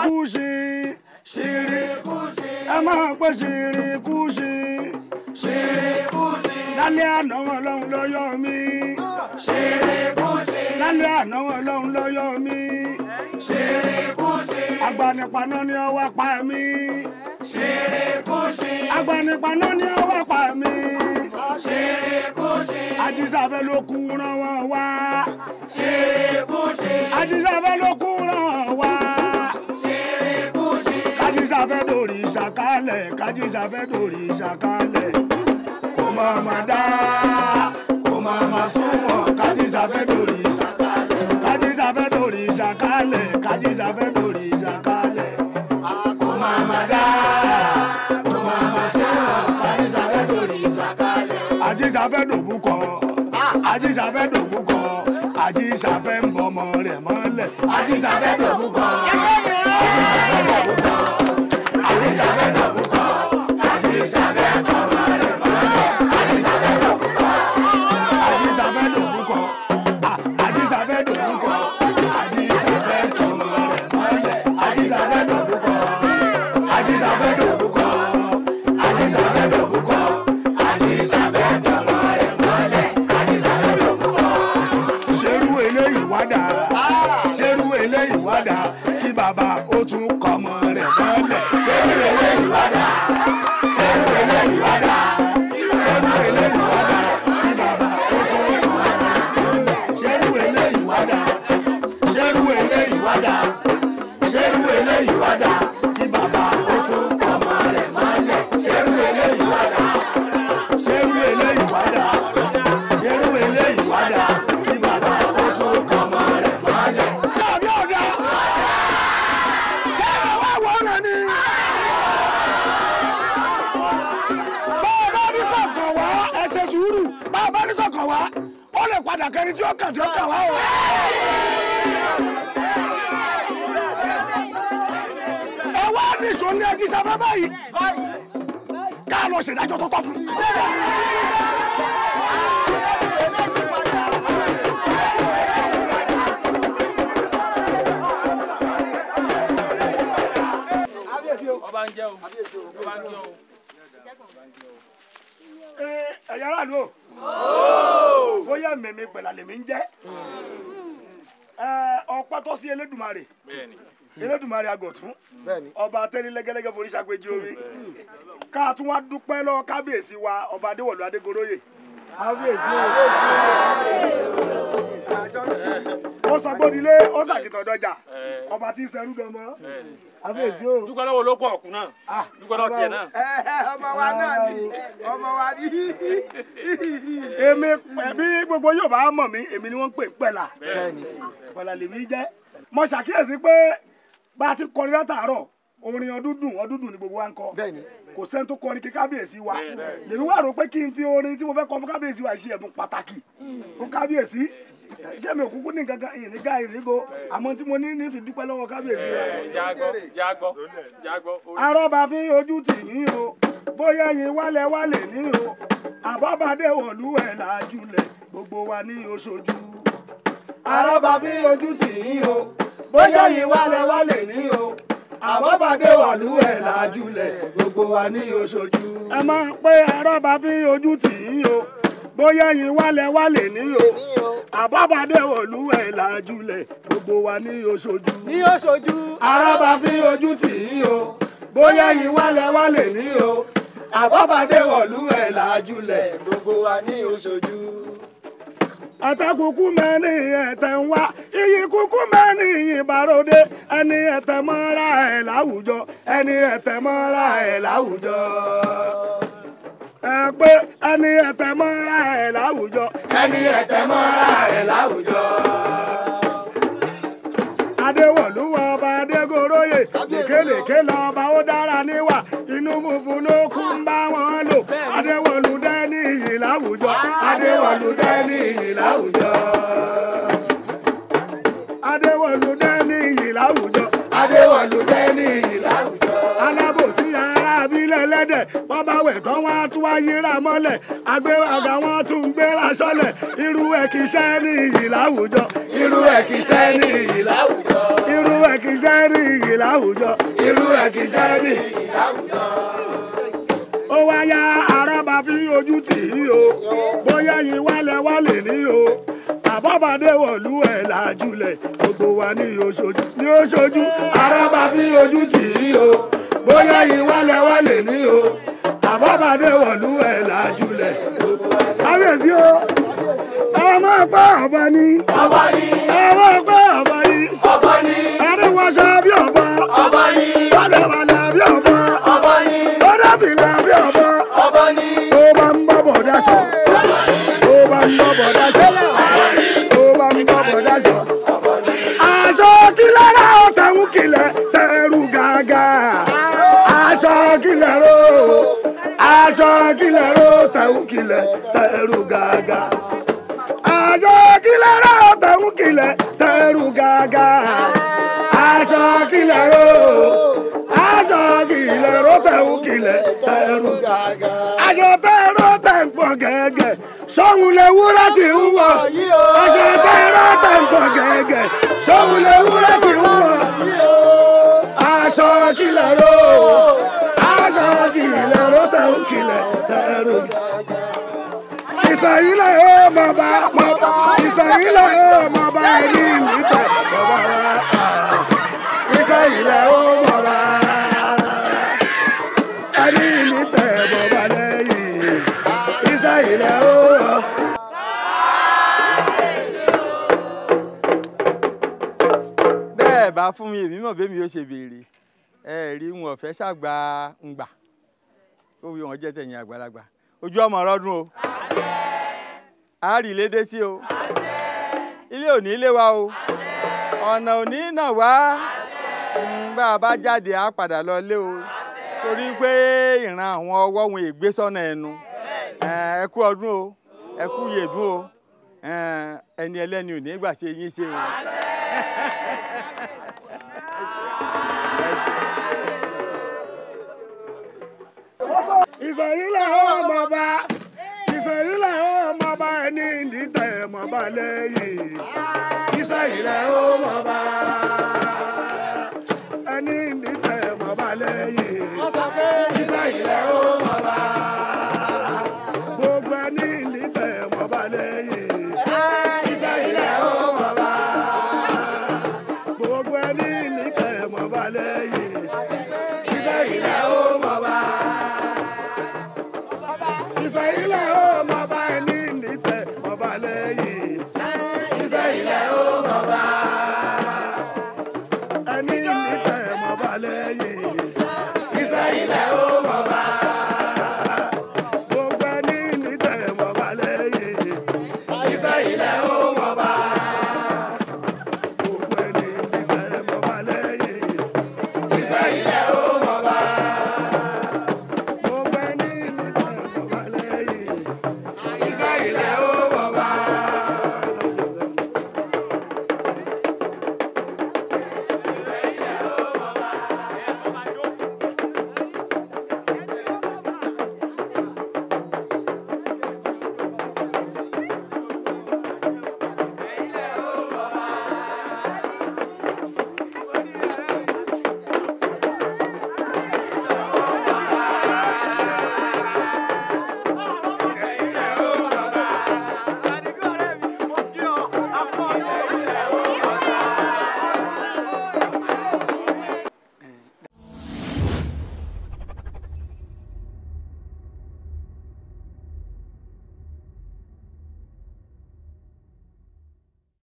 ṣìrìkúṣì ṣìrìkúṣì ẹ máa pẹ́ ṣìrìkúṣì ṣìrìkúṣì lálẹ́ àná ọlọ́run ló yọ mí ṣìrìkúṣì lálẹ́ àná ọlọ́run ló yọ mí ṣìrìkúṣì agbanipaná ni ọwọ́ pa mí ṣìrìkúṣì agbanipaná ni ọwọ́ pa mí ṣerékóṣe. ajísàfẹ́ ló kú ràn wọ́n wá. ṣerékóṣe. ajísàfẹ́ ló kú ràn wọ́n wá kájísà fẹ́ dòrí ìṣàkálẹ̀ kájísà fẹ́ dòrí ìṣàkálẹ̀ kò máa ma dá kò máa ma súnmọ́ kájísà fẹ́ dòrí ìṣàkálẹ̀ kájísà fẹ́ dòrí ìṣàkálẹ̀ kájísà fẹ́ dòrí ìṣàkálẹ̀ kò máa ma dá kò máa ma súnmọ́ kájísà fẹ́ dòrí ìṣàkálẹ̀ àjíṣà fẹ́ dòbú kọ́ àjíṣà fẹ́ dòbú kọ́ àjíṣà fẹ́ ń rẹ̀ mọ́lẹ̀ àjíṣà fẹ́ dòbú kọ́. Ah! ṣerú eléyìí wádà kí bàbá ó tún kọ́ mọ́. ó lè padà kẹrin tí ó kàn tí ó kàn wá o. ẹ wá nìṣó ní ẹjí sáfẹ́ báyìí ká lọ ṣèdájọ́ tó tọ́ fún un. ọba ń o mẹ̀mí gbẹ̀là lèmi ń jẹ́ ọpẹ́ tó sí Elédùmarè Elédùmarè agọ̀tún ọba atẹ́ni lẹ́gẹ́lẹ́gẹ́ forí ṣàgbéjì omi ká tún wá dúpẹ́ lọ́wọ́ kábíyèsí wa ọba adéwọ̀lú adégoróyè kábíyèsí wa ó sọ gbódilé ó sàkìtàn dọjà ọba tí ń sẹrú dọmọ àbẹ̀sí o. dúpẹ́ lọ́wọ́ ló kọ́ ọ̀kùn náà ah, dúpẹ́ lọ́wọ́ tiẹ̀ náà. Eh, ọmọ wa náà ni ọmọ wa ni. èmi ẹ̀mí gbogbo yóò bá mọ̀ mí èmi ni wọ́n ń pè pẹ̀là pẹ̀là lèmi jẹ́ mo ṣàkíyèsí pé bá a ti kọrin látàárọ̀ orin ọdún dùn ọdún dùn ni gbogbo wa ń kọ kò sẹ́ni tó kọrin kí kábíyèsí wa lèmi wà rò pé kí n fi orin tí mo fẹ́ kọ fún kábíyèsí wa ṣe ẹ̀bùn pàtàkì fún kábíyèsí ṣé mi ò kúkú ní kankan ìní ká ìrígo àmọ́ tí mo ní ní fi dúpẹ́ lọ́wọ́ kábíyèsí rẹ̀. Eh, jágbọ́ jágbọ́ jágbọ́. arọ́ba fi ojú tì yín o bóyá yín wálẹ̀ wálẹ̀ ní o àbábàdé wọ̀lú ẹ̀ làjúlẹ̀ gbogbo wa ní oṣojú. arọ́ba fi ojú tì yín o bóyá yín wálẹ̀ wálẹ̀ ní o àbábàdé wọ̀lú ẹ̀ làjúlẹ̀ gbogbo wa ní oṣojú. ẹ máa pé arọ́ba fi ojú tì yín o bóyá yín wálẹ̀ wálẹ̀ ní o àbábàdé olúwẹ̀ làjúlẹ̀ gbogbo wa ní oṣojú. ní oṣojú. arábà fi ojú tì í o bóyá yìí wálẹ̀ wálẹ̀ ní o àbábàdé olúwẹ̀ làjúlẹ̀ gbogbo wa ní oṣojú. àtàkùkù mẹ́ni ẹ̀tẹ̀ ń wá iyì kúkú mẹ́ni ìbàròdé ẹni ẹ̀tẹ̀ mọ́ra ẹ̀ láwùjọ ẹni ẹ̀tẹ̀ mọ́ra ẹ̀ láwùjọ ẹ pé ẹni ẹ̀tẹ̀ mọ́ra ẹ̀ láwùjọ ẹni ẹ̀tẹ̀ mọ́ra rẹ̀ láwùjọ. adéwọ̀lúwọ̀ ọba adégoróyè lékeléké lọ́ba ó dára níwà inú funfun ló kú ń bá wọn lò adéwọ̀lú dẹ́ni iyì láwùjọ adéwọ̀lú dẹ́ni iyì láwùjọ. tán wá tún wá yíra mọ́lẹ̀ agbéraga wọn tún gbéra sọ́lẹ̀ irú ẹ̀ kì í ṣe ní iyì láwùjọ. irú ẹ̀ kì í ṣe ní iyì láwùjọ. irú ẹ̀ kì í ṣe ní iyì láwùjọ. irú ẹ̀ kì í ṣe ní iyì láwùjọ. ó wá arábà fi ojú tì í o bóyá yìí wálẹ̀ wálẹ̀ ní o àbábàdé wọ̀lú ẹ̀ làjulẹ̀ gbogbo wa ní oṣojú ní oṣojú arábà fi ojú tì í o bóyá yìí wálẹ̀ wálẹ̀ ní o adéwọ̀lú ẹ̀ làjùlẹ̀. kábíyèsí o ẹ máa pẹ́ ọba ní. ọba ní. ẹ máa pẹ́ ọba ní. ọba ní. adéwọ̀ṣọ bí ọba. ọba ní. tọ́dẹ̀wàlà bí ọba. ọba ní. bí ọba. tó bá ń bá bọ̀ dáṣọ. kílẹ̀ ró tẹ̀hún kílẹ̀ tẹ̀rù gàgà. aṣọ kílẹ̀ ró tẹ̀hún kílẹ̀ tẹ̀rù gàgà. aṣọ kílẹ̀ ró aṣọ kílẹ̀ ró tẹ̀hún kílẹ̀ tẹ̀rù gàgà. aṣọ tẹ̀rù tẹ̀ ń pọ̀ gẹ́gẹ́ sọ́hun lè wúrà tí ń wọ̀. aṣọ tẹ̀rù tẹ̀ ń pọ̀ gẹ́gẹ́ sọ́hun lè wúrà tí ń wọ̀. ìsàyílẹ̀ ó mọ̀ bá mọ̀ bá ìsàyílẹ̀ ó mọ̀ bá ẹni níta mọ̀ bá wá ìsàyílẹ̀ ó mọ̀ bá ẹni níta mọ̀ bá lẹ́yìn ìsàyílẹ̀ ó. bẹ́ẹ̀ bá fún mi èmi mọ̀ bẹ́ẹ̀ mi ò ṣe béèrè ẹ rí wọn fẹ́ ṣàgbà ń gbà ó wí wọn jẹ́ tẹ̀yìn àgbàlagbà. ojú ọmọ ọlọ́dún o àárí lédè sí o ilé òní lé wa o ọ̀nà òní náà wá hmm, bá a bá jáde á padà lọ lé o torí pé ìran àwọn ọwọ́ wọn ègbé sọ́nà ẹnu ẹkú ọdún o ẹ yèdún o ẹni ẹlẹ́ni ò ní gbà ṣe yín ṣe o. ìsẹ̀yìn làwọn ọmọ bá ìsẹ̀yìn làwọn ọmọ bá ẹni ìdítẹ̀ mọ̀ bá lẹ́yìn ìsẹ̀yìn làwọn ọmọ bá ẹni ìdítẹ̀ mọ̀ bá lẹ́yìn ìsẹ̀yìn làwọn. ìlú tẹ̀ mọ́ balẹ̀ yìí. ìsẹ́yìn lẹ́ ó mọ̀